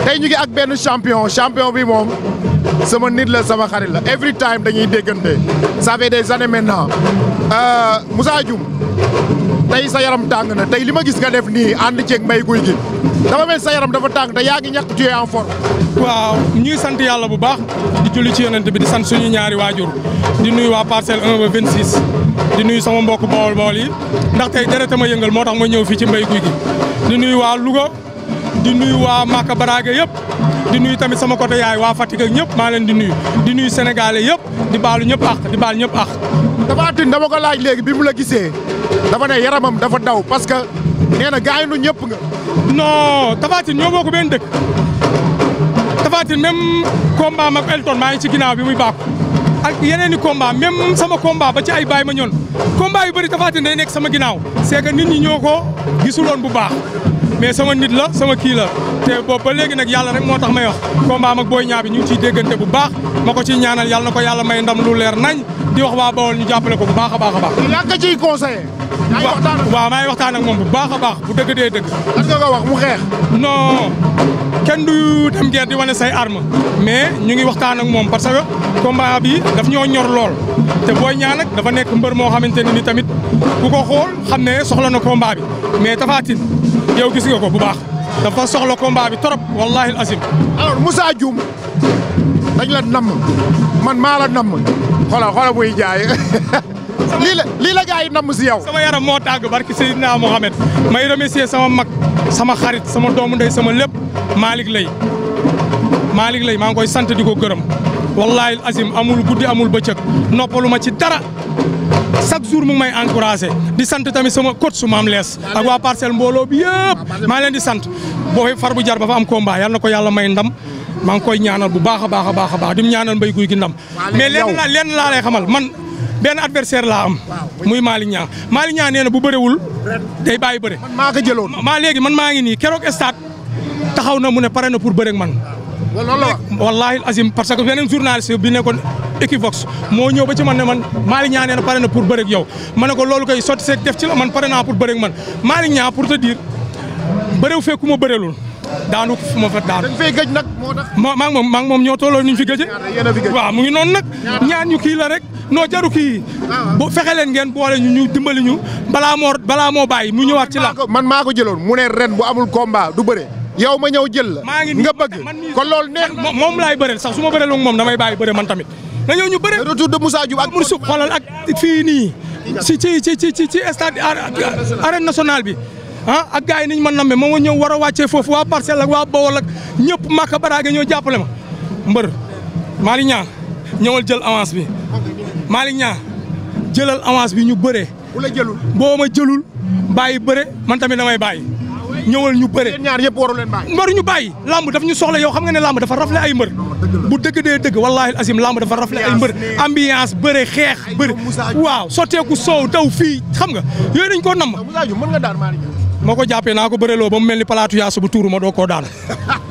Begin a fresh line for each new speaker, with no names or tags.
tey ñu ngi ak benn champion champion bi moom sama nit la sama xarit la every time dañuy déggante ça fait des années maintenant euh, Moussa Dioum tey sa yaram tàng na tey li ma gis nga def nii ànd ceeg mbay guy gi dafa mel sa yaram dafa tàng te yaa ngi ñàkk tu es ngi forme. waaw ñuy sant yàlla bu baax di julli ci yonent bi di sant suñu ñaari waajur di nuyu waa parcelle 1 ba 26 di nuyu sama mbokk bool bool yi ndax tey deret ma yëngal moo tax ma ñëw fii ci mbay gi di nuyu waa Maka Baraage yëpp di nuyu tamit sama côté yaay waa Fatick ak ñëpp maa leen di nuyu di nuyu sénégalais yëpp di baalu ñëpp ak di baal ñëpp ak Tapha Tine dama ko laaj léegi bi mu la gisee dafa ne yaramam dafa daw parce que nee na gars yi nu ñëpp nga. non Tapha Tine ñoo bokk benn dëkk Tapha Tine même combat am ak Elton maa ngi ci ginnaaw bi muy bàkku ak yeneen i combat même sama combat ba ci ay baay ma ñoon combat yu bëri Tapha day nekk sama ginnaaw c'est que nit ñi ñoo ko gisuloon bu baax. mais sama nit la sama kii la te ba léegi nag yàlla rek moo tax may wax combat am ak Boy Niang bi ñu ngi déggante bu baax ma ko ci ñaanal yàlla na ko yàlla may ndam lu leer nañ di wax waa Bawol ñu jàppale ko bu baax a baax a baax. yaa ngi ko ciy conseillé. waaw maa ngi waxtaan moom bu baax a baax bu dëgg dee dëgg. lan nga ko wax mu xeex. non kenn du dem guerre di wane say arme mais ñu ngi waxtaan ak moom parce que combat bi daf ñoo ñor lool te Boy Niang nag dafa nekk mbër moo xamante ne ni tamit ku ko xam ne soxla na combat bi mais Tapha yow gis nga ko bu baax dafa soxla combat bi trop wallahi azim. alors Moussa Dioum dañ la namm man maa la namm xoolal xoolal jaay. lii la lii la yi namm si yow. sama yaram moo tàgg barki Seydina Mohamed may remercier sama mag sama xarit sama doomu ndey sama lépp Malick Lay Malick Lay maa ngi koy sant di ko gërëm wallahi azim amul guddi amul bëccëg noppalu ma ci dara chaque jour mu ngi may encouragé di sant tamit sama coach su maam lees ak waa parcelle mbooloo bi yëpp maa leen di sant boo far bu jar ba fa am combat yal na ko yàlla may ndam. maa ngi koy ñaanal bu baax a baax a baax a baax di ñaanal mbay guy gi mais lenn la lenn laa lay xamal man benn adversaire laa am. muy Malick ñaa Malick Niang nee na bu bërewul day bàyyi bëre. man maa ko jëloon maa léegi man maa ngi nii keroog stade taxaw na mu ne pare na pour bëre ak man. wallahi asim parce que beneen journaliste bi nekkoon Equivox moo ñëw ba ci man ne man Malick Niang nee na pare na pour bëre ak yow ma ne ko loolu koy sotti seeg def ci la man pare naa pour bëre ak man Malick Niang pour te dire bërew fekkuma bërelul daanu moo fu ma fa daanu. dañ nag moo tax. maa maa moom maa moom ñoo tolloo ni ñu fi gëjee. waaw mu ngi noonu nag. ñaan ñu kii la rek noo jaru kii. Ah, ah. bu fexe leen ngeen boole ñu ñu dimbali ñu balaa moo balaa moo bàyyi mu ñëwaat ci la. man maa ko jëloon mu ne ren bu amul combat du bëre. yow ma ñëw jël la. maa ngi nga bëgg kon loolu neex na. moom laay bëreel sax su ma bëreel moom damay bàyyi bëre man tamit. na ñëw ñu bëre retour de Moussa Diouf ak. Mourchou xoolal ak fii nii ci ci ci ci ci stade arène nationale bi ah ak gars yi niñ ma nambe ma ma ñëw war a wàccee foofu waa parcelle ak waa bawol ak ñëpp màkka baraage ñoo jàppale ma mbër Malick ñaa ñëwal jël avance bi Malick ñaa jëlal avance bi ñu bëree bu jëlul boo ma jëlul bàyyi bëre man tamit damay bàyyi ñëwal ñu bëre ñaar yëpp waru leen bàyyi mbër ñu bàyyi lamb daf ñu soxla yow xam nga ne lamb dafa rafle ay mbër bu dëgg dee dëgg wallaahi asim lamb dafa raf rafle ay mbër ambiance bëre xeex bëre waaw sotteeku soow daw fii xam nga yooyu dañ koo namm mën nga daan ma ko jàppee naa ko bëreloo ba mu mel ni palaatu yaasu bu tuuru ma doo koo daan